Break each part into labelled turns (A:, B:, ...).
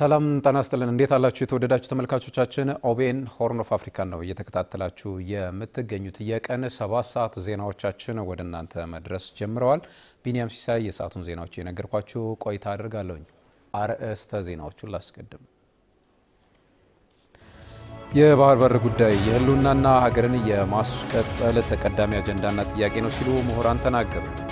A: ሰላም ጤና ይስጥልን። እንዴት አላችሁ? የተወደዳችሁ ተመልካቾቻችን ኦቤን ሆርን ኦፍ አፍሪካ ነው እየተከታተላችሁ የምትገኙት። የቀን ሰባት ሰዓት ዜናዎቻችን ወደ እናንተ መድረስ ጀምረዋል። ቢኒያም ሲሳይ የሰዓቱን ዜናዎች የነገርኳችሁ ቆይታ አድርጋለሁኝ። አርእስተ ዜናዎቹን ላስቀድም። የባህር በር ጉዳይ የህልውናና ሀገርን የማስቀጠል ተቀዳሚ አጀንዳና ጥያቄ ነው ሲሉ ምሁራን ተናገሩ።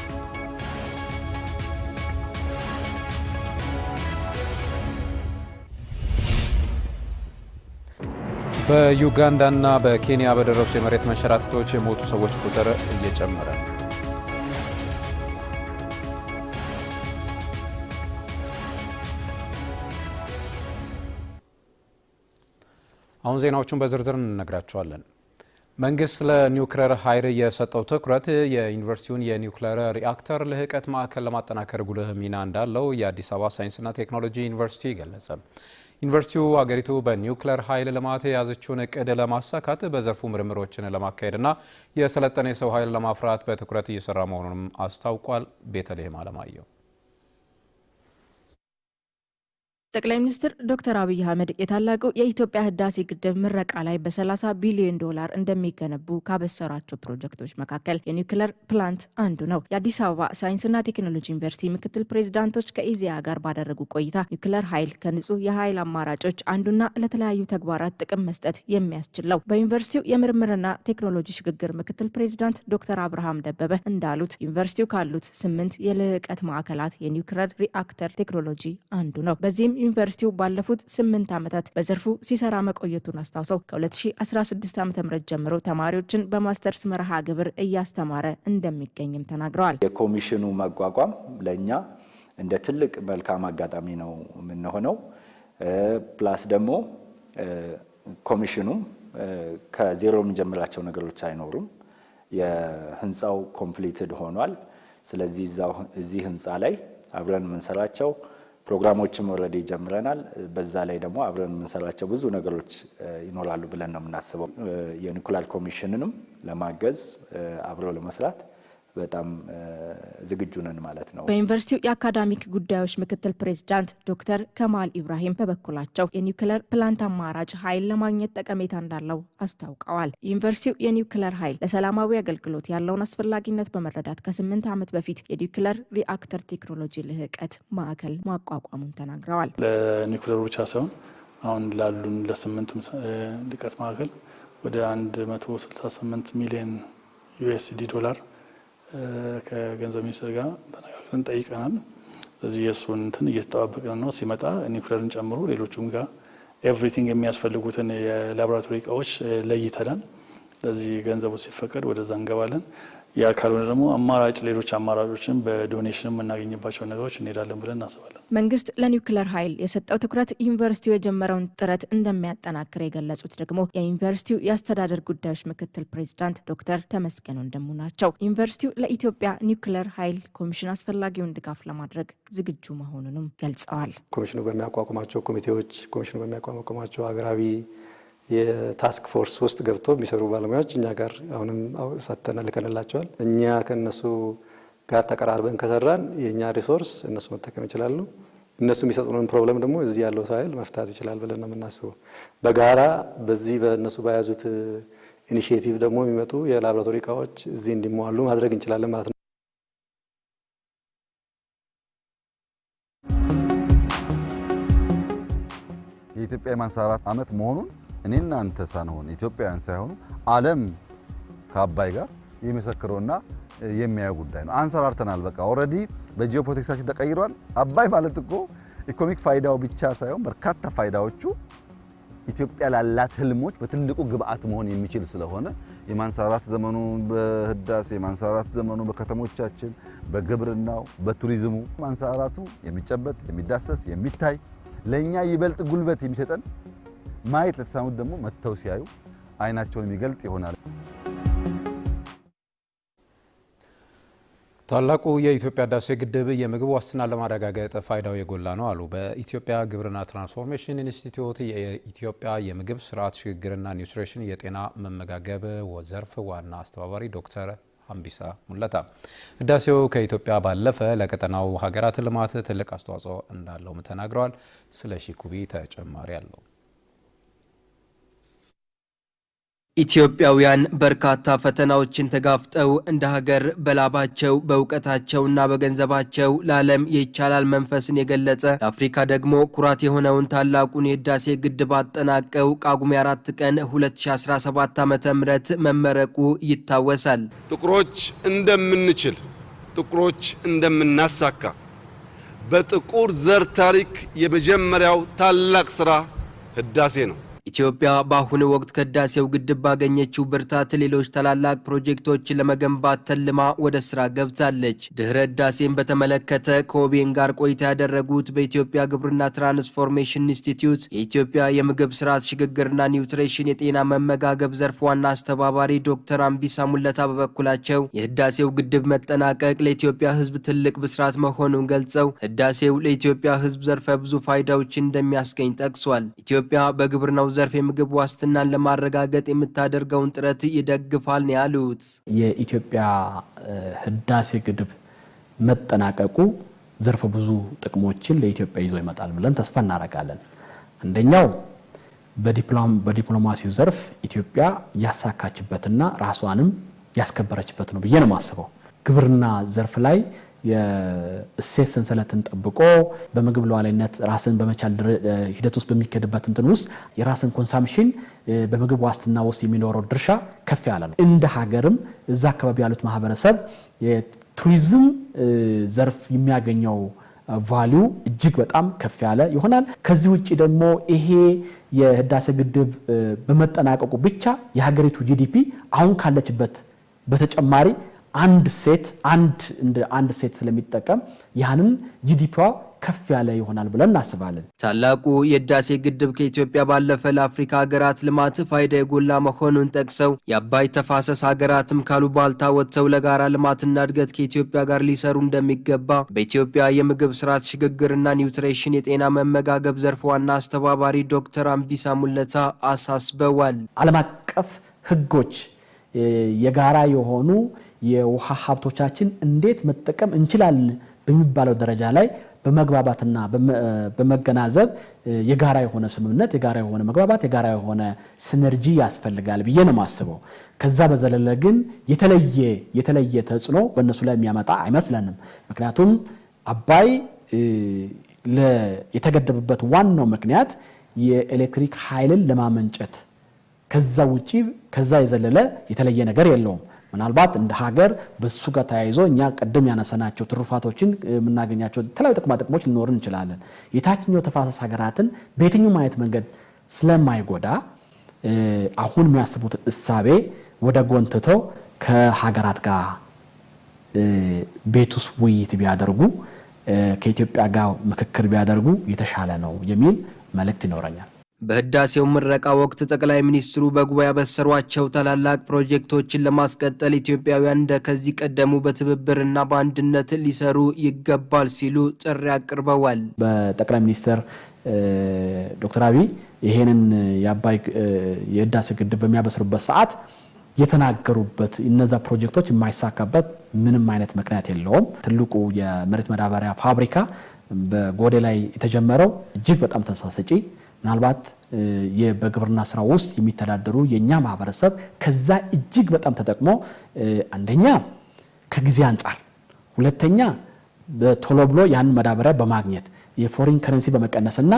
A: በዩጋንዳና በኬንያ በደረሱ የመሬት መንሸራተቶች የሞቱ ሰዎች ቁጥር እየጨመረ ነው። አሁን ዜናዎቹን በዝርዝር እንነግራቸዋለን። መንግስት ለኒውክሌር ኃይል የሰጠው ትኩረት የዩኒቨርሲቲውን የኒውክሌር ሪአክተር ልህቀት ማዕከል ለማጠናከር ጉልህ ሚና እንዳለው የአዲስ አበባ ሳይንስና ቴክኖሎጂ ዩኒቨርሲቲ ገለጸ። ዩኒቨርሲቲው አገሪቱ በኒውክሌር ኃይል ልማት የያዘችውን እቅድ ለማሳካት በዘርፉ ምርምሮችን ለማካሄድና የሰለጠነ የሰው ኃይል ለማፍራት በትኩረት እየሰራ መሆኑንም አስታውቋል። ቤተልሔም አለማየሁ
B: ጠቅላይ ሚኒስትር ዶክተር አብይ አህመድ የታላቁ የኢትዮጵያ ህዳሴ ግድብ ምረቃ ላይ በ30 ቢሊዮን ዶላር እንደሚገነቡ ካበሰሯቸው ፕሮጀክቶች መካከል የኒውክለር ፕላንት አንዱ ነው። የአዲስ አበባ ሳይንስና ቴክኖሎጂ ዩኒቨርሲቲ ምክትል ፕሬዚዳንቶች ከኢዜአ ጋር ባደረጉ ቆይታ ኒውክለር ኃይል ከንጹህ የኃይል አማራጮች አንዱና ለተለያዩ ተግባራት ጥቅም መስጠት የሚያስችል ነው። በዩኒቨርሲቲው የምርምርና ቴክኖሎጂ ሽግግር ምክትል ፕሬዚዳንት ዶክተር አብርሃም ደበበ እንዳሉት ዩኒቨርሲቲው ካሉት ስምንት የልዕቀት ማዕከላት የኒውክለር ሪአክተር ቴክኖሎጂ አንዱ ነው። በዚህም ዩኒቨርሲቲው ባለፉት ስምንት ዓመታት በዘርፉ ሲሰራ መቆየቱን አስታውሰው ከ2016 ዓ ም ጀምሮ ተማሪዎችን በማስተርስ መርሃ ግብር እያስተማረ እንደሚገኝም ተናግረዋል።
C: የኮሚሽኑ መቋቋም ለእኛ እንደ ትልቅ መልካም አጋጣሚ ነው የምንሆነው። ፕላስ ደግሞ ኮሚሽኑም ከዜሮ የምንጀምራቸው ነገሮች አይኖሩም። የህንፃው ኮምፕሊትድ ሆኗል። ስለዚህ እዚህ ህንፃ ላይ አብረን የምንሰራቸው ፕሮግራሞችም ወረዴ ጀምረናል። በዛ ላይ ደግሞ አብረን የምንሰራቸው ብዙ ነገሮች ይኖራሉ ብለን ነው የምናስበው። የኒኩላል ኮሚሽንንም ለማገዝ አብረው ለመስራት በጣም ዝግጁ ነን ማለት ነው።
B: በዩኒቨርሲቲው የአካዳሚክ ጉዳዮች ምክትል ፕሬዚዳንት ዶክተር ከማል ኢብራሂም በበኩላቸው የኒውክለር ፕላንት አማራጭ ኃይል ለማግኘት ጠቀሜታ እንዳለው አስታውቀዋል። ዩኒቨርሲቲው የኒውክለር ኃይል ለሰላማዊ አገልግሎት ያለውን አስፈላጊነት በመረዳት ከስምንት ዓመት በፊት የኒውክለር ሪአክተር ቴክኖሎጂ ልህቀት ማዕከል ማቋቋሙን ተናግረዋል።
D: ለኒውክለሩ ብቻ ሳይሆን አሁን ላሉን ለስምንቱ ልቀት ማዕከል ወደ 168 ሚሊዮን ዩኤስዲ ዶላር ከገንዘብ ሚኒስትር ጋር ተነጋግረን ጠይቀናል። ስለዚህ የእሱን እንትን እየተጠባበቅን ነው። ሲመጣ ኒውክለርን ጨምሮ ሌሎቹም ጋር ኤቭሪቲንግ የሚያስፈልጉትን የላቦራቶሪ እቃዎች ለይተናል። ለዚህ ገንዘቡ ሲፈቀድ ወደዛ እንገባለን። ያ ካልሆነ ደግሞ አማራጭ ሌሎች አማራጮችን በዶኔሽን የምናገኝባቸውን ነገሮች እንሄዳለን ብለን እናስባለን።
B: መንግስት ለኒውክለር ኃይል የሰጠው ትኩረት ዩኒቨርሲቲው የጀመረውን ጥረት እንደሚያጠናክር የገለጹት ደግሞ የዩኒቨርሲቲው የአስተዳደር ጉዳዮች ምክትል ፕሬዚዳንት ዶክተር ተመስገን ወንድሙ ናቸው። ዩኒቨርሲቲው ለኢትዮጵያ ኒውክለር ኃይል ኮሚሽን አስፈላጊውን ድጋፍ ለማድረግ ዝግጁ መሆኑንም ገልጸዋል።
E: ኮሚሽኑ በሚያቋቁማቸው ኮሚቴዎች፣ ኮሚሽኑ በሚያቋቁማቸው ሀገራዊ የታስክ ፎርስ ውስጥ ገብቶ የሚሰሩ ባለሙያዎች እኛ ጋር አሁንም ሰተን ልከንላቸዋል። እኛ ከእነሱ ጋር ተቀራርበን ከሰራን የእኛ ሪሶርስ እነሱ መጠቀም ይችላሉ። እነሱ የሚሰጡንን ፕሮብለም ደግሞ እዚህ ያለው ሳይል መፍታት ይችላል ብለን ነው የምናስበው። በጋራ በዚህ በእነሱ በያዙት ኢኒሽቲቭ ደግሞ የሚመጡ የላብራቶሪ እቃዎች እዚህ እንዲሟሉ ማድረግ እንችላለን ማለት ነው።
F: የኢትዮጵያ የማንሰራራት ዓመት መሆኑን እኔና አንተ ሳንሆን ኢትዮጵያውያን ሳይሆኑ ዓለም ከአባይ ጋር የሚመሰክረውና የሚያየው ጉዳይ ነው። አንሰራርተናል። በቃ ኦልሬዲ በጂኦፖለቲክሳችን ተቀይሯል። አባይ ማለት እኮ ኢኮኖሚክ ፋይዳው ብቻ ሳይሆን በርካታ ፋይዳዎቹ ኢትዮጵያ ላላት ህልሞች በትልቁ ግብአት መሆን የሚችል ስለሆነ የማንሰራራት ዘመኑ በህዳሴ የማንሰራራት ዘመኑ በከተሞቻችን፣ በግብርናው፣ በቱሪዝሙ ማንሰራራቱ የሚጨበጥ የሚዳሰስ የሚታይ ለእኛ ይበልጥ ጉልበት የሚሰጠን ማየት ለተሳኑት ደግሞ መጥተው ሲያዩ አይናቸውን የሚገልጥ ይሆናል።
A: ታላቁ የኢትዮጵያ ህዳሴ ግድብ የምግብ ዋስትና ለማረጋገጥ ፋይዳው የጎላ ነው አሉ በኢትዮጵያ ግብርና ትራንስፎርሜሽን ኢንስቲትዩት የኢትዮጵያ የምግብ ስርዓት ሽግግርና ኒውትሪሽን የጤና መመጋገብ ዘርፍ ዋና አስተባባሪ ዶክተር አምቢሳ ሙለታ። ህዳሴው ከኢትዮጵያ ባለፈ ለቀጠናው ሀገራት ልማት ትልቅ አስተዋጽኦ እንዳለውም ተናግረዋል። ስለ ሺኩቢ ተጨማሪ አለው
B: ኢትዮጵያውያን በርካታ ፈተናዎችን ተጋፍጠው እንደ ሀገር በላባቸው በእውቀታቸውና በገንዘባቸው ለዓለም የይቻላል መንፈስን የገለጸ ለአፍሪካ ደግሞ ኩራት የሆነውን ታላቁን የህዳሴ ግድብ አጠናቀው ጳጉሜ አራት ቀን 2017 ዓ ም መመረቁ ይታወሳል።
G: ጥቁሮች እንደምንችል፣ ጥቁሮች እንደምናሳካ በጥቁር ዘር ታሪክ የመጀመሪያው ታላቅ ስራ ህዳሴ ነው።
B: ኢትዮጵያ በአሁኑ ወቅት ከህዳሴው ግድብ ባገኘችው ብርታት ሌሎች ታላላቅ ፕሮጀክቶች ለመገንባት ተልማ ወደ ስራ ገብታለች። ድህረ ህዳሴን በተመለከተ ከኦቤን ጋር ቆይታ ያደረጉት በኢትዮጵያ ግብርና ትራንስፎርሜሽን ኢንስቲትዩት የኢትዮጵያ የምግብ ስርዓት ሽግግርና ኒውትሬሽን የጤና መመጋገብ ዘርፍ ዋና አስተባባሪ ዶክተር አምቢሳ ሙለታ በበኩላቸው የህዳሴው ግድብ መጠናቀቅ ለኢትዮጵያ ህዝብ ትልቅ ብስራት መሆኑን ገልጸው ህዳሴው ለኢትዮጵያ ህዝብ ዘርፈ ብዙ ፋይዳዎች እንደሚያስገኝ ጠቅሷል። ኢትዮጵያ በግብርናው ዘርፍ የምግብ ዋስትናን ለማረጋገጥ የምታደርገውን ጥረት ይደግፋል ነው ያሉት።
H: የኢትዮጵያ ህዳሴ ግድብ መጠናቀቁ ዘርፈ ብዙ ጥቅሞችን ለኢትዮጵያ ይዞ ይመጣል ብለን ተስፋ እናደርጋለን። አንደኛው በዲፕሎማሲው ዘርፍ ኢትዮጵያ ያሳካችበትና ራሷንም ያስከበረችበት ነው ብዬ ነው የማስበው። ግብርና ዘርፍ ላይ የእሴት ሰንሰለትን ጠብቆ በምግብ ለዋላይነት ራስን በመቻል ሂደት ውስጥ በሚካሄድበት እንትን ውስጥ የራስን ኮንሳምሽን በምግብ ዋስትና ውስጥ የሚኖረው ድርሻ ከፍ ያለ ነው። እንደ ሀገርም እዛ አካባቢ ያሉት ማህበረሰብ የቱሪዝም ዘርፍ የሚያገኘው ቫሊዩ እጅግ በጣም ከፍ ያለ ይሆናል። ከዚህ ውጭ ደግሞ ይሄ የህዳሴ ግድብ በመጠናቀቁ ብቻ የሀገሪቱ ጂዲፒ አሁን ካለችበት በተጨማሪ አንድ ሴት አንድ እንደ አንድ ሴት ስለሚጠቀም ያንን ጂዲፒዋ ከፍ ያለ ይሆናል ብለን እናስባለን።
B: ታላቁ የህዳሴ ግድብ ከኢትዮጵያ ባለፈ ለአፍሪካ ሀገራት ልማት ፋይዳ የጎላ መሆኑን ጠቅሰው የአባይ ተፋሰስ ሀገራትም ባልታ ወጥተው ለጋራ ልማትና እድገት ከኢትዮጵያ ጋር ሊሰሩ እንደሚገባ በኢትዮጵያ የምግብ ስርዓት ሽግግርና ኒውትሬሽን የጤና መመጋገብ ዘርፍ ዋና አስተባባሪ ዶክተር አምቢሳ ሙለታ አሳስበዋል።
H: ዓለም አቀፍ ህጎች የጋራ የሆኑ የውሃ ሀብቶቻችን እንዴት መጠቀም እንችላለን በሚባለው ደረጃ ላይ በመግባባትና በመገናዘብ የጋራ የሆነ ስምምነት፣ የጋራ የሆነ መግባባት፣ የጋራ የሆነ ሲነርጂ ያስፈልጋል ብዬ ነው የማስበው። ከዛ በዘለለ ግን የተለየ የተለየ ተጽዕኖ በእነሱ ላይ የሚያመጣ አይመስለንም። ምክንያቱም አባይ የተገደበበት ዋናው ምክንያት የኤሌክትሪክ ኃይልን ለማመንጨት ከዛ ውጪ ከዛ የዘለለ የተለየ ነገር የለውም። ምናልባት እንደ ሀገር በሱ ጋር ተያይዞ እኛ ቀደም ያነሰናቸው ትሩፋቶችን የምናገኛቸው የተለያዩ ጥቅማ ጥቅሞች ሊኖርን እንችላለን። የታችኛው ተፋሰስ ሀገራትን በየትኛው ማየት መንገድ ስለማይጎዳ አሁን የሚያስቡት እሳቤ ወደ ጎን ትቶ ከሀገራት ጋር ቤት ውስጥ ውይይት ቢያደርጉ ከኢትዮጵያ ጋር ምክክር ቢያደርጉ የተሻለ ነው የሚል መልእክት ይኖረኛል።
B: በህዳሴው ምረቃ ወቅት ጠቅላይ ሚኒስትሩ በጉባኤ ያበሰሯቸው ታላላቅ ፕሮጀክቶችን ለማስቀጠል ኢትዮጵያውያን እንደ ከዚህ ቀደሙ በትብብርና በአንድነት ሊሰሩ ይገባል ሲሉ ጥሪ አቅርበዋል።
H: በጠቅላይ ሚኒስትር ዶክተር አብይ ይሄንን የአባይ የህዳሴ ግድብ በሚያበስሩበት ሰዓት የተናገሩበት እነዛ ፕሮጀክቶች የማይሳካበት ምንም አይነት ምክንያት የለውም። ትልቁ የመሬት መዳበሪያ ፋብሪካ በጎዴ ላይ የተጀመረው እጅግ በጣም ተስፋ ሰጪ ምናልባት በግብርና ስራ ውስጥ የሚተዳደሩ የእኛ ማህበረሰብ ከዛ እጅግ በጣም ተጠቅሞ አንደኛ ከጊዜ አንጻር፣ ሁለተኛ በቶሎ ብሎ ያን መዳበሪያ በማግኘት የፎሪን ከረንሲ በመቀነስና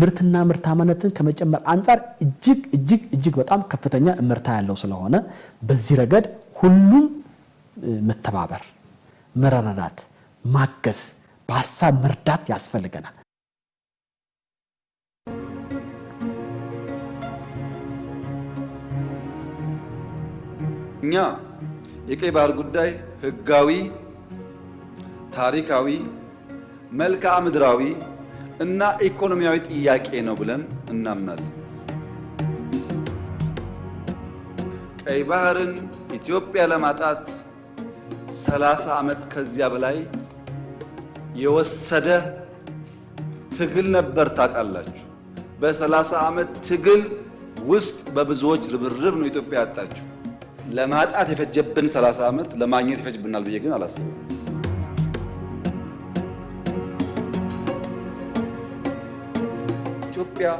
H: ምርትና ምርታማነትን ከመጨመር አንጻር እጅግ እጅግ እጅግ በጣም ከፍተኛ እምርታ ያለው ስለሆነ በዚህ ረገድ ሁሉም መተባበር፣ መረዳዳት፣ ማገዝ፣ በሀሳብ መርዳት ያስፈልገናል።
G: እኛ የቀይ ባህር ጉዳይ ህጋዊ፣ ታሪካዊ፣ መልክዓ ምድራዊ እና ኢኮኖሚያዊ ጥያቄ ነው ብለን እናምናለን። ቀይ ባህርን ኢትዮጵያ ለማጣት 30 ዓመት ከዚያ በላይ የወሰደ ትግል ነበር። ታውቃላችሁ፣ በ30 ዓመት ትግል ውስጥ በብዙዎች ርብርብ ነው ኢትዮጵያ ያጣችው። ለማጣት የፈጀብን 30 ዓመት ለማግኘት ይፈጅብናል ብዬ ግን አላስብም። ኢትዮጵያ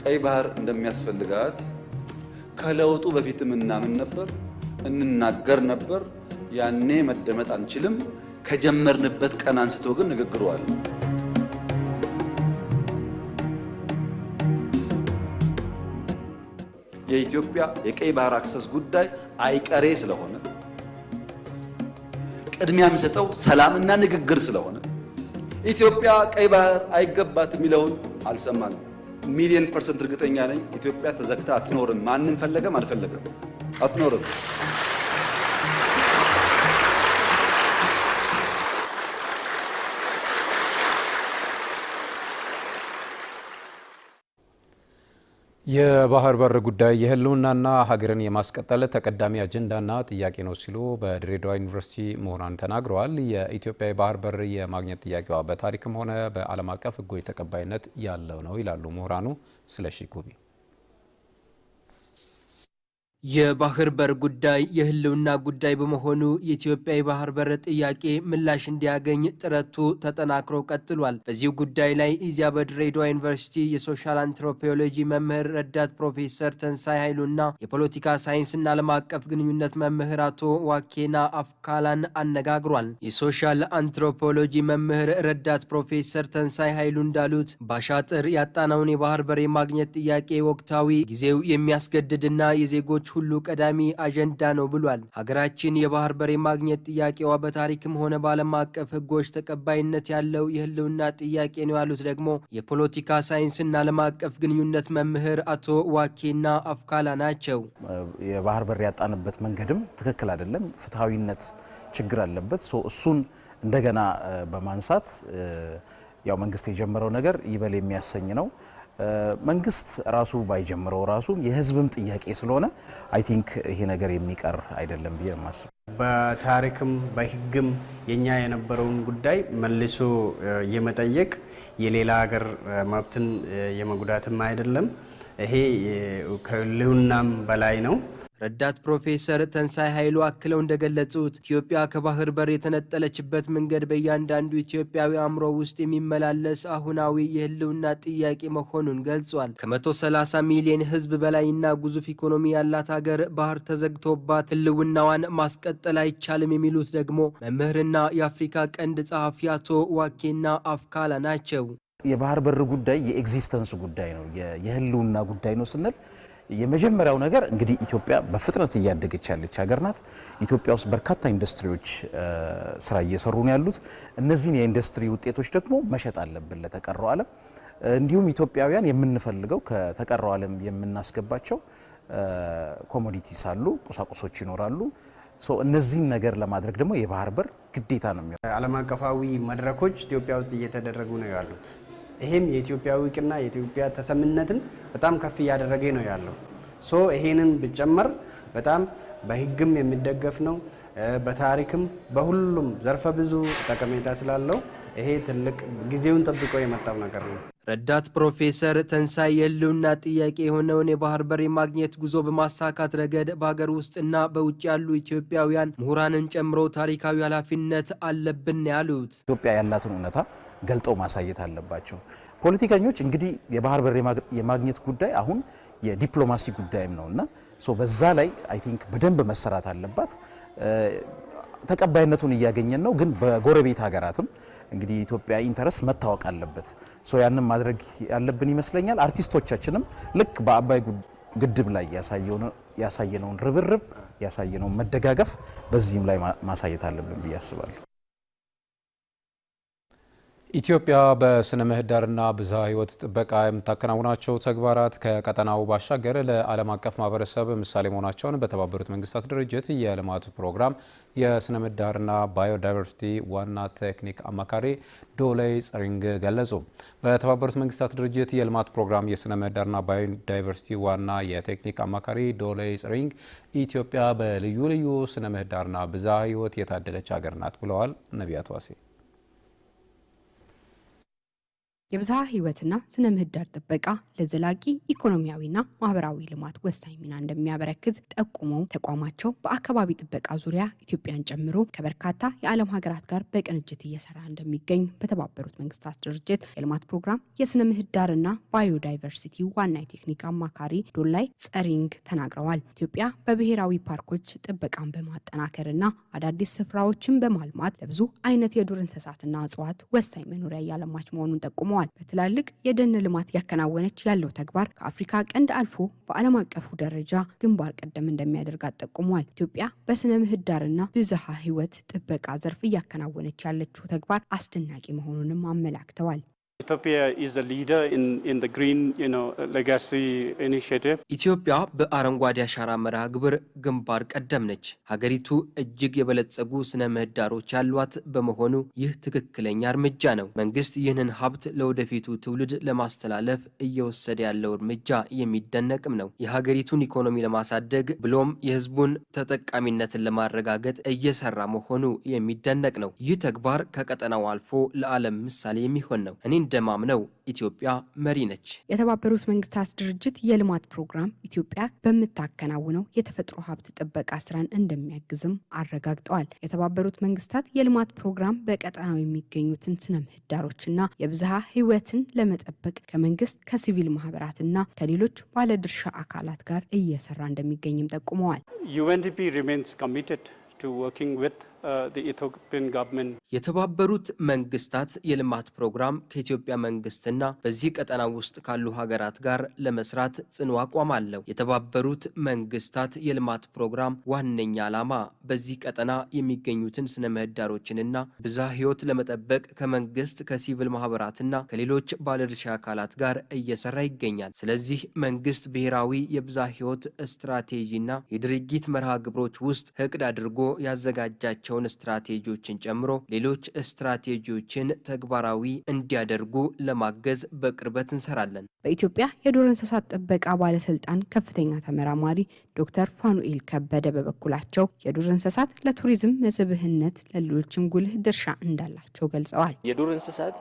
G: ቀይ ባህር እንደሚያስፈልጋት ከለውጡ በፊትም እናምን ነበር፣ እንናገር ነበር። ያኔ መደመጥ አንችልም። ከጀመርንበት ቀን አንስቶ ግን ንግግሩ አለ። የኢትዮጵያ የቀይ ባህር አክሰስ ጉዳይ አይቀሬ ስለሆነ ቅድሚያ የሚሰጠው ሰላምና ንግግር ስለሆነ ኢትዮጵያ ቀይ ባህር አይገባት የሚለውን አልሰማንም። ሚሊዮን ፐርሰንት እርግጠኛ ነኝ ኢትዮጵያ ተዘግታ አትኖርም። ማንም ፈለገም አልፈለገም አትኖርም።
A: የባህር በር ጉዳይ የህልውናና ሀገርን የማስቀጠል ተቀዳሚ አጀንዳና ጥያቄ ነው ሲሉ በድሬዳዋ ዩኒቨርሲቲ ምሁራን ተናግረዋል። የኢትዮጵያ የባህር በር የማግኘት ጥያቄዋ በታሪክም ሆነ በዓለም አቀፍ ሕጎች ተቀባይነት ያለው ነው ይላሉ ምሁራኑ። ስለሺ ጉቢ
B: የባህር በር ጉዳይ የህልውና ጉዳይ በመሆኑ የኢትዮጵያ የባህር በር ጥያቄ ምላሽ እንዲያገኝ ጥረቱ ተጠናክሮ ቀጥሏል። በዚህ ጉዳይ ላይ እዚያ በድሬዳዋ ዩኒቨርሲቲ የሶሻል አንትሮፖሎጂ መምህር ረዳት ፕሮፌሰር ተንሳይ ኃይሉና የፖለቲካ ሳይንስና ዓለም አቀፍ ግንኙነት መምህር አቶ ዋኬና አፍካላን አነጋግሯል። የሶሻል አንትሮፖሎጂ መምህር ረዳት ፕሮፌሰር ተንሳይ ኃይሉ እንዳሉት በአሻጥር ያጣናውን የባህር በር የማግኘት ጥያቄ ወቅታዊ ጊዜው የሚያስገድድና የዜጎች ሁሉ ቀዳሚ አጀንዳ ነው ብሏል። ሀገራችን የባህር በር የማግኘት ጥያቄዋ በታሪክም ሆነ በዓለም አቀፍ ሕጎች ተቀባይነት ያለው የህልውና ጥያቄ ነው ያሉት ደግሞ የፖለቲካ ሳይንስና ዓለም አቀፍ ግንኙነት መምህር አቶ ዋኬና አፍካላ ናቸው።
I: የባህር በር ያጣንበት መንገድም ትክክል አይደለም፣ ፍትሐዊነት ችግር አለበት። እሱን እንደገና በማንሳት ያው መንግስት የጀመረው ነገር ይበል የሚያሰኝ ነው። መንግስት ራሱ ባይጀምረው ራሱ የህዝብም ጥያቄ ስለሆነ አይ ቲንክ ይሄ ነገር የሚቀር አይደለም ብዬ ማስብ።
J: በታሪክም በህግም የኛ የነበረውን ጉዳይ መልሶ የመጠየቅ የሌላ ሀገር መብትን የመጉዳትም አይደለም። ይሄ ከልሁናም በላይ ነው።
B: ረዳት ፕሮፌሰር ተንሳይ ኃይሉ አክለው እንደገለጹት ኢትዮጵያ ከባህር በር የተነጠለችበት መንገድ በእያንዳንዱ ኢትዮጵያዊ አእምሮ ውስጥ የሚመላለስ አሁናዊ የህልውና ጥያቄ መሆኑን ገልጿል። ከ130 ሚሊዮን ህዝብ በላይና ግዙፍ ኢኮኖሚ ያላት ሀገር ባህር ተዘግቶባት ህልውናዋን ማስቀጠል አይቻልም የሚሉት ደግሞ መምህርና የአፍሪካ ቀንድ ጸሐፊ አቶ ዋኬና አፍካላ ናቸው።
H: የባህር በር ጉዳይ የኤግዚስተንስ ጉዳይ ነው፣ የህልውና ጉዳይ ነው ስንል የመጀመሪያው ነገር እንግዲህ ኢትዮጵያ በፍጥነት እያደገች ያለች ሀገር ናት። ኢትዮጵያ ውስጥ በርካታ ኢንዱስትሪዎች ስራ እየሰሩ ነው ያሉት። እነዚህን የኢንዱስትሪ ውጤቶች ደግሞ መሸጥ አለብን ለተቀረው ዓለም። እንዲሁም ኢትዮጵያውያን የምንፈልገው ከተቀረው ዓለም የምናስገባቸው ኮሞዲቲስ አሉ፣ ቁሳቁሶች ይኖራሉ። እነዚህን ነገር ለማድረግ ደግሞ የባህር በር ግዴታ ነው
K: የሚሆነው። ዓለም አቀፋዊ መድረኮች ኢትዮጵያ ውስጥ እየተደረጉ ነው ያሉት ይሄም የኢትዮጵያ እውቅና የኢትዮጵያ ተሰምነትን በጣም ከፍ እያደረገ ነው ያለው። ሶ ይሄንን ብጨመር በጣም በህግም የሚደገፍ ነው፣ በታሪክም በሁሉም ዘርፈ ብዙ ጠቀሜታ ስላለው ይሄ ትልቅ ጊዜውን ጠብቆ የመጣው ነገር ነው።
B: ረዳት ፕሮፌሰር ተንሳይ የህልውና ጥያቄ የሆነውን የባህር በር የማግኘት ጉዞ በማሳካት ረገድ በሀገር ውስጥና በውጭ ያሉ ኢትዮጵያውያን ምሁራንን ጨምሮ ታሪካዊ ኃላፊነት አለብን ያሉት
H: ኢትዮጵያ ያላትን እውነታ ገልጠው ማሳየት አለባቸው። ፖለቲከኞች እንግዲህ የባህር በር የማግኘት ጉዳይ አሁን የዲፕሎማሲ ጉዳይም ነው እና በዛ ላይ አይ ቲንክ በደንብ መሰራት አለባት። ተቀባይነቱን እያገኘን ነው፣ ግን በጎረቤት ሀገራትም እንግዲህ የኢትዮጵያ ኢንተረስት መታወቅ አለበት። ያንም ማድረግ ያለብን ይመስለኛል። አርቲስቶቻችንም ልክ በአባይ ግድብ ላይ ያሳየነውን ርብርብ ያሳየነውን መደጋገፍ በዚህም ላይ ማሳየት አለብን ብዬ አስባለሁ።
A: ኢትዮጵያ በስነ ምህዳርና ብዝሃ ህይወት ጥበቃ የምታከናውናቸው ተግባራት ከቀጠናው ባሻገር ለዓለም አቀፍ ማህበረሰብ ምሳሌ መሆናቸውን በተባበሩት መንግስታት ድርጅት የልማት ፕሮግራም የስነ ምህዳርና ባዮዳይቨርሲቲ ዋና ቴክኒክ አማካሪ ዶሌይ ጸሪንግ ገለጹ። በተባበሩት መንግስታት ድርጅት የልማት ፕሮግራም የስነ ምህዳርና ባዮዳይቨርሲቲ ዋና የቴክኒክ አማካሪ ዶሌይ ጸሪንግ ኢትዮጵያ በልዩ ልዩ ስነ ምህዳርና ብዝሃ ህይወት የታደለች ሀገር ናት ብለዋል። ነቢያት ዋሴ
B: የብዝሃ ህይወትና ስነ ምህዳር ጥበቃ ለዘላቂ ኢኮኖሚያዊና ማህበራዊ ልማት ወሳኝ ሚና እንደሚያበረክት ጠቁመው ተቋማቸው በአካባቢ ጥበቃ ዙሪያ ኢትዮጵያን ጨምሮ ከበርካታ የዓለም ሀገራት ጋር በቅንጅት እየሰራ እንደሚገኝ በተባበሩት መንግስታት ድርጅት የልማት ፕሮግራም የስነ ምህዳርና ባዮዳይቨርሲቲ ዋና የቴክኒክ አማካሪ ዶላይ ጸሪንግ ተናግረዋል። ኢትዮጵያ በብሔራዊ ፓርኮች ጥበቃን በማጠናከርና አዳዲስ ስፍራዎችን በማልማት ለብዙ አይነት የዱር እንስሳትና እጽዋት ወሳኝ መኖሪያ እያለማች መሆኑን ጠቁመው ተጠቅመዋል። በትላልቅ የደን ልማት ያከናወነች ያለው ተግባር ከአፍሪካ ቀንድ አልፎ በዓለም አቀፉ ደረጃ ግንባር ቀደም እንደሚያደርጋት ጠቁመዋል። ኢትዮጵያ በስነ ምህዳርና ብዝሃ ህይወት ጥበቃ ዘርፍ እያከናወነች ያለችው ተግባር አስደናቂ መሆኑንም አመላክተዋል። ኢትዮጵያ በአረንጓዴ አሻራ መርሃ ግብር ግንባር ቀደም ነች። ሀገሪቱ እጅግ የበለጸጉ ስነ ምህዳሮች ያሏት በመሆኑ ይህ ትክክለኛ እርምጃ ነው። መንግስት ይህንን ሀብት ለወደፊቱ ትውልድ ለማስተላለፍ እየወሰደ ያለው እርምጃ የሚደነቅም ነው። የሀገሪቱን ኢኮኖሚ ለማሳደግ ብሎም የህዝቡን ተጠቃሚነትን ለማረጋገጥ እየሰራ መሆኑ የሚደነቅ ነው። ይህ ተግባር ከቀጠናው አልፎ ለዓለም ምሳሌ የሚሆን ነው። ነው። ኢትዮጵያ መሪ ነች። የተባበሩት መንግስታት ድርጅት የልማት ፕሮግራም ኢትዮጵያ በምታከናውነው የተፈጥሮ ሀብት ጥበቃ ስራን እንደሚያግዝም አረጋግጠዋል። የተባበሩት መንግስታት የልማት ፕሮግራም በቀጠናው የሚገኙትን ስነ ምህዳሮችና የብዝሃ ህይወትን ለመጠበቅ ከመንግስት ከሲቪል ማህበራትና ከሌሎች ባለድርሻ አካላት ጋር እየሰራ እንደሚገኝም ጠቁመዋል።
L: ዩኤንዲፒ ሪሜንስ ኮሚትድ ቱ ወርኪንግ ዊዝ ዘ ኢትዮጵያን ጋቨርንመንት
B: የተባበሩት መንግስታት የልማት ፕሮግራም ከኢትዮጵያ መንግስትና በዚህ ቀጠና ውስጥ ካሉ ሀገራት ጋር ለመስራት ጽኑ አቋም አለው። የተባበሩት መንግስታት የልማት ፕሮግራም ዋነኛ ዓላማ በዚህ ቀጠና የሚገኙትን ስነ ምህዳሮችንና ብዝሃ ህይወት ለመጠበቅ ከመንግስት ከሲቪል ማህበራትና ከሌሎች ባለድርሻ አካላት ጋር እየሰራ ይገኛል። ስለዚህ መንግስት ብሔራዊ የብዝሃ ህይወት ስትራቴጂና የድርጊት መርሃ ግብሮች ውስጥ እቅድ አድርጎ ያዘጋጃቸውን ስትራቴጂዎችን ጨምሮ ሌሎች ስትራቴጂዎችን ተግባራዊ እንዲያደርጉ ለማገዝ በቅርበት እንሰራለን። በኢትዮጵያ የዱር እንስሳት ጥበቃ ባለስልጣን ከፍተኛ ተመራማሪ ዶክተር ፋኑኤል ከበደ በበኩላቸው የዱር እንስሳት ለቱሪዝም መስህብነት ለሌሎችም ጉልህ ድርሻ እንዳላቸው ገልጸዋል።
K: የዱር እንስሳት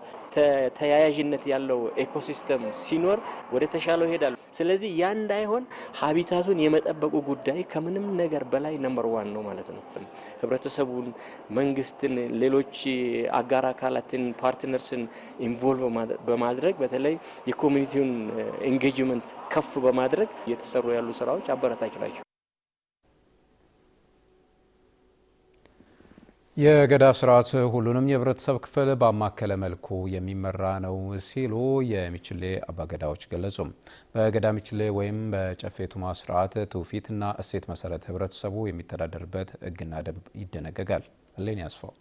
K: ተያያዥነት ያለው ኤኮሲስተም ሲኖር ወደ ተሻለው ይሄዳሉ። ስለዚህ ያ እንዳይሆን ሀቢታቱን የመጠበቁ ጉዳይ ከምንም ነገር በላይ ነምበር ዋን ነው ማለት ነው። ህብረተሰቡን፣ መንግስትን፣ ሌሎች አጋር አካላትን፣ ፓርትነርስን ኢንቮልቭ በማድረግ በተለይ የኮሚኒቲውን ኢንጌጅመንት ከፍ በማድረግ እየተሰሩ ያሉ ስራዎች አበረታች ነው።
A: የገዳ ስርዓት ሁሉንም የህብረተሰብ ክፍል ባማከለ መልኩ የሚመራ ነው ሲሉ የሚችሌ አባገዳዎች ገለጹ። በገዳ ሚችሌ ወይም በጨፌ ቱማ ስርዓት ትውፊትና እሴት መሰረት ህብረተሰቡ የሚተዳደርበት ህግና ደንብ ይደነገጋል። ሌን ያስፋው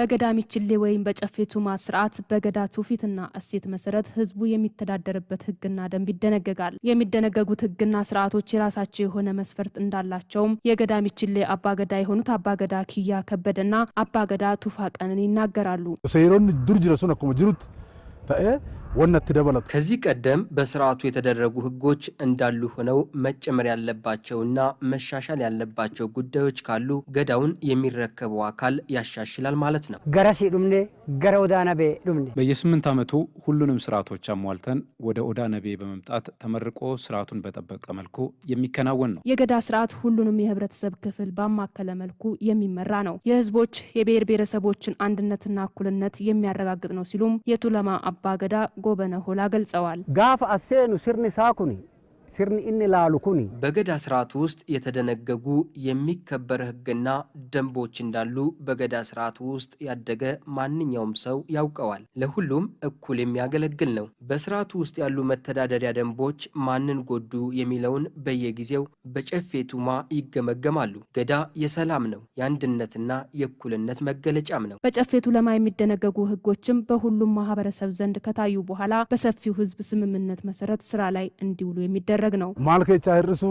B: በገዳሚችሌ ወይም በጨፌ ቱማ ስርዓት በገዳ ትውፊትና እሴት መሰረት ህዝቡ የሚተዳደርበት ህግና ደንብ ይደነገጋል። የሚደነገጉት ህግና ስርዓቶች የራሳቸው የሆነ መስፈርት እንዳላቸውም የገዳሚችሌ አባገዳ የሆኑት አባገዳ ኪያ ከበደና አባገዳ ቱፋ ቀንን ይናገራሉ።
M: ሰሮን ዱር ጅረሱን አኩመ ጅሩት ወነት ደበለቱ
N: ከዚህ ቀደም በስርዓቱ የተደረጉ ህጎች እንዳሉ ሆነው መጨመር ያለባቸውና መሻሻል ያለባቸው ጉዳዮች ካሉ ገዳውን የሚረከበው አካል ያሻሽላል ማለት ነው።
O: ገረሲ ዱምኔ ገረ ኦዳነቤ ዱምኔ
A: በየስምንት ዓመቱ ሁሉንም ስርዓቶች አሟልተን ወደ ነቤ በመምጣት ተመርቆ ስርዓቱን በጠበቀ መልኩ የሚከናወን ነው።
B: የገዳ ስርዓት ሁሉንም የህብረተሰብ ክፍል ባማከለ መልኩ የሚመራ ነው። የህዝቦች የብሔር ብሔረሰቦችን አንድነትና እኩልነት የሚያረጋግጥ ነው ሲሉም የቱለማ አባ ገዳ قوبنا هو لا قلت سوال
P: قاف أسينو سيرني ساكني ሲርን እንላሉ ኩኒ
B: በገዳ ስርዓት ውስጥ የተደነገጉ የሚከበር ህግና ደንቦች እንዳሉ በገዳ ስርዓት ውስጥ ያደገ ማንኛውም ሰው ያውቀዋል። ለሁሉም እኩል የሚያገለግል ነው። በስርዓቱ ውስጥ ያሉ መተዳደሪያ ደንቦች ማንን ጎዱ የሚለውን በየጊዜው በጨፌ ቱማ ይገመገማሉ። ገዳ የሰላም ነው፣ የአንድነትና የእኩልነት መገለጫም ነው። በጨፌ ቱለማ የሚደነገጉ ህጎችም በሁሉም ማህበረሰብ ዘንድ ከታዩ በኋላ በሰፊው ህዝብ ስምምነት መሰረት ስራ ላይ እንዲውሉ የሚደረግ የሚደረግ ነው።
Q: ማልከቻ ይርሱ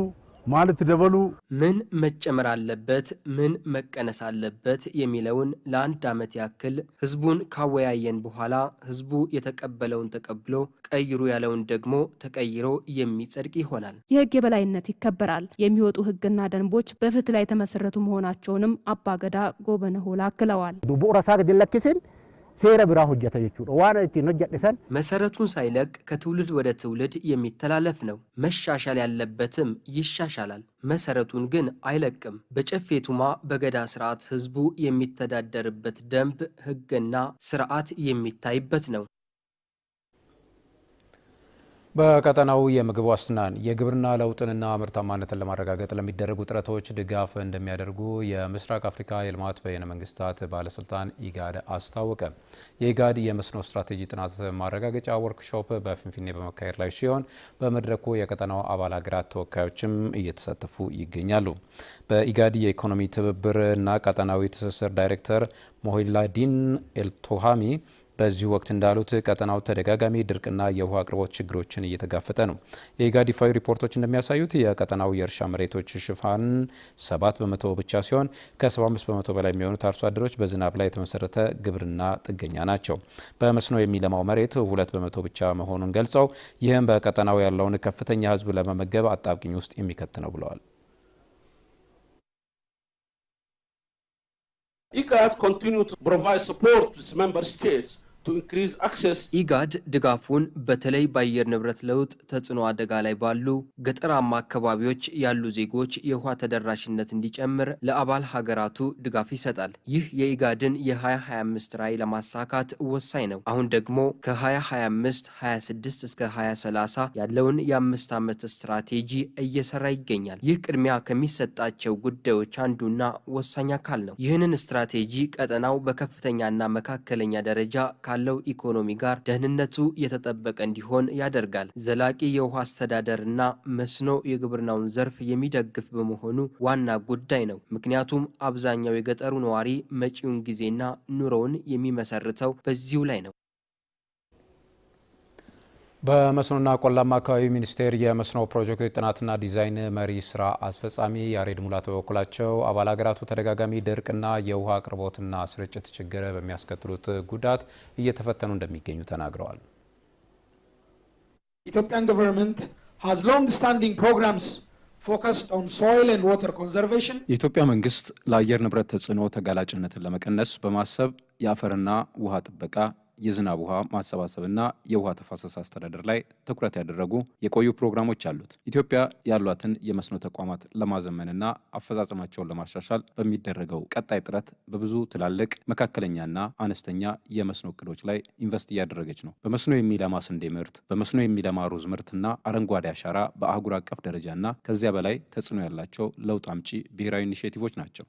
Q: ማለት ደበሉ
N: ምን መጨመር አለበት፣ ምን መቀነስ አለበት የሚለውን ለአንድ ዓመት ያክል ህዝቡን ካወያየን በኋላ ህዝቡ የተቀበለውን ተቀብሎ ቀይሩ ያለውን ደግሞ ተቀይሮ የሚጸድቅ ይሆናል።
B: የህግ የበላይነት ይከበራል። የሚወጡ ህግና ደንቦች በፍትህ ላይ የተመሰረቱ መሆናቸውንም አባገዳ ጎበነ ሆላ አክለዋል።
R: ቡረሳ ግድለክስን ሴረ ብራ ሁጀተ ጀቹ ዋና ኢቲን ሆጀደ
S: መሰረቱን ሳይለቅ ከትውልድ ወደ ትውልድ የሚተላለፍ ነው። መሻሻል ያለበትም ይሻሻላል፣ መሰረቱን ግን አይለቅም። በጨፌቱማ በገዳ ስርዓት ህዝቡ የሚተዳደርበት ደንብ ህግና ስርዓት የሚታይበት ነው።
A: በቀጠናው የምግብ ዋስትናን የግብርና ለውጥንና ምርታማነትን ለማረጋገጥ ለሚደረጉ ጥረቶች ድጋፍ እንደሚያደርጉ የምስራቅ አፍሪካ የልማት በይነ መንግስታት ባለስልጣን ኢጋድ አስታወቀ። የኢጋድ የመስኖ ስትራቴጂ ጥናት ማረጋገጫ ወርክሾፕ በፊንፊኔ በመካሄድ ላይ ሲሆን በመድረኩ የቀጠናው አባል ሀገራት ተወካዮችም እየተሳተፉ ይገኛሉ። በኢጋድ የኢኮኖሚ ትብብርና ቀጠናዊ ትስስር ዳይሬክተር ሞሂላዲን ኤልቶሃሚ በዚሁ ወቅት እንዳሉት ቀጠናው ተደጋጋሚ ድርቅና የውሃ አቅርቦት ችግሮችን እየተጋፈጠ ነው። የኢጋድ ይፋዊ ሪፖርቶች እንደሚያሳዩት የቀጠናው የእርሻ መሬቶች ሽፋን 7 በመቶ ብቻ ሲሆን ከ75 በመቶ በላይ የሚሆኑት አርሶ አደሮች በዝናብ ላይ የተመሰረተ ግብርና ጥገኛ ናቸው። በመስኖ የሚለማው መሬት 2 በመቶ ብቻ መሆኑን ገልጸው ይህም በቀጠናው ያለውን ከፍተኛ ሕዝብ ለመመገብ አጣብቅኝ ውስጥ የሚከት ነው ብለዋል።
T: ኢጋድ ኮንቲኒው ቱ ፕሮቫይድ ሰፖርት ቱ ኢትስ ሜምበር ስቴትስ
U: ኢጋድ ድጋፉን በተለይ በአየር ንብረት ለውጥ ተጽዕኖ አደጋ ላይ ባሉ ገጠራማ አካባቢዎች ያሉ ዜጎች የውሃ ተደራሽነት እንዲጨምር ለአባል ሀገራቱ ድጋፍ ይሰጣል። ይህ የኢጋድን የ2025 ራዕይ ለማሳካት ወሳኝ ነው። አሁን ደግሞ ከ2025 26 እስከ 2030 ያለውን የአምስት ዓመት ስትራቴጂ እየሰራ ይገኛል። ይህ ቅድሚያ ከሚሰጣቸው ጉዳዮች አንዱና ወሳኝ አካል ነው። ይህንን ስትራቴጂ ቀጠናው በከፍተኛና መካከለኛ ደረጃ ካለ ካለው ኢኮኖሚ ጋር ደህንነቱ የተጠበቀ እንዲሆን ያደርጋል። ዘላቂ የውሃ አስተዳደርና መስኖ የግብርናውን ዘርፍ የሚደግፍ በመሆኑ ዋና ጉዳይ ነው። ምክንያቱም አብዛኛው የገጠሩ ነዋሪ መጪውን ጊዜና ኑሮውን የሚመሰርተው በዚሁ ላይ ነው።
A: በመስኖና ቆላማ አካባቢ ሚኒስቴር የመስኖ ፕሮጀክቶች ጥናትና ዲዛይን መሪ ስራ አስፈጻሚ ያሬድ ሙላት በበኩላቸው አባል ሀገራቱ ተደጋጋሚ ድርቅና የውሃ አቅርቦትና ስርጭት ችግር በሚያስከትሉት ጉዳት እየተፈተኑ እንደሚገኙ ተናግረዋል።
V: ኢትዮጵያን ገቨርንመንት ሃዝ ሎንግ ስታንዲንግ ፕሮግራምስ
A: የኢትዮጵያ መንግስት ለአየር ንብረት ተጽዕኖ ተጋላጭነትን ለመቀነስ በማሰብ የአፈርና ውሃ ጥበቃ የዝናብ ውሃ ማሰባሰብና የውሃ ተፋሰስ አስተዳደር ላይ ትኩረት ያደረጉ የቆዩ ፕሮግራሞች አሉት። ኢትዮጵያ ያሏትን የመስኖ ተቋማት ለማዘመንና አፈጻጸማቸውን ለማሻሻል በሚደረገው ቀጣይ ጥረት በብዙ ትላልቅ መካከለኛና አነስተኛ የመስኖ እቅዶች ላይ ኢንቨስት እያደረገች ነው። በመስኖ የሚለማ ስንዴ ምርት፣ በመስኖ የሚለማ ሩዝ ምርትና አረንጓዴ አሻራ በአህጉር አቀፍ ደረጃና ከዚያ በላይ ተጽዕኖ ያላቸው ለውጥ አምጪ ብሔራዊ ኢኒሽቲቮች ናቸው።